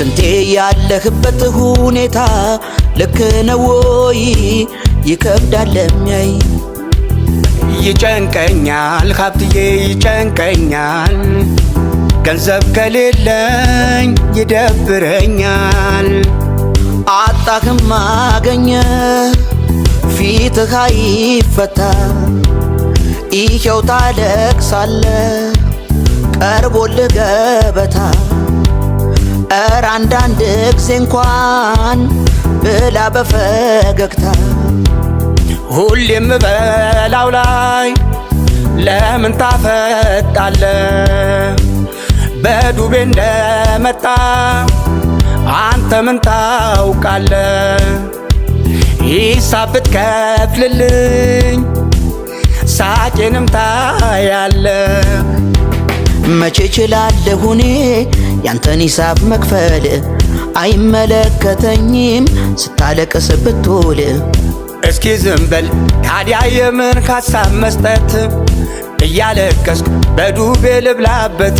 ስንቴ ያለህበት ሁኔታ ልክ ነው ወይ? ይከብዳል ለሚያይ ይጨንቀኛል ሀብትዬ ይጨንቀኛል፣ ገንዘብ ከሌለኝ ይደብረኛል። አጣህም አገኘ ፊትህ አይፈታ፣ ይኸው ታለቅሳለ ቀርቦልህ ገበታ አንዳንድ ጊዜ እንኳን ብላ በፈገግታ ሁሌም በላው ላይ ለምን ታፈጣለ? በዱቤ እንደመጣ አንተ ምን ታውቃለ? ሂሳብ ብትከፍልልኝ ሳቄንም ታያለ መቼ እችላለሁ እኔ ያንተን ሂሳብ መክፈል? አይመለከተኝም ስታለቅስ ብትውል። እስኪ ዝም በል ታዲያ የምን ሀሳብ መስጠት እያለቀስኩ በዱቤ ልብላበት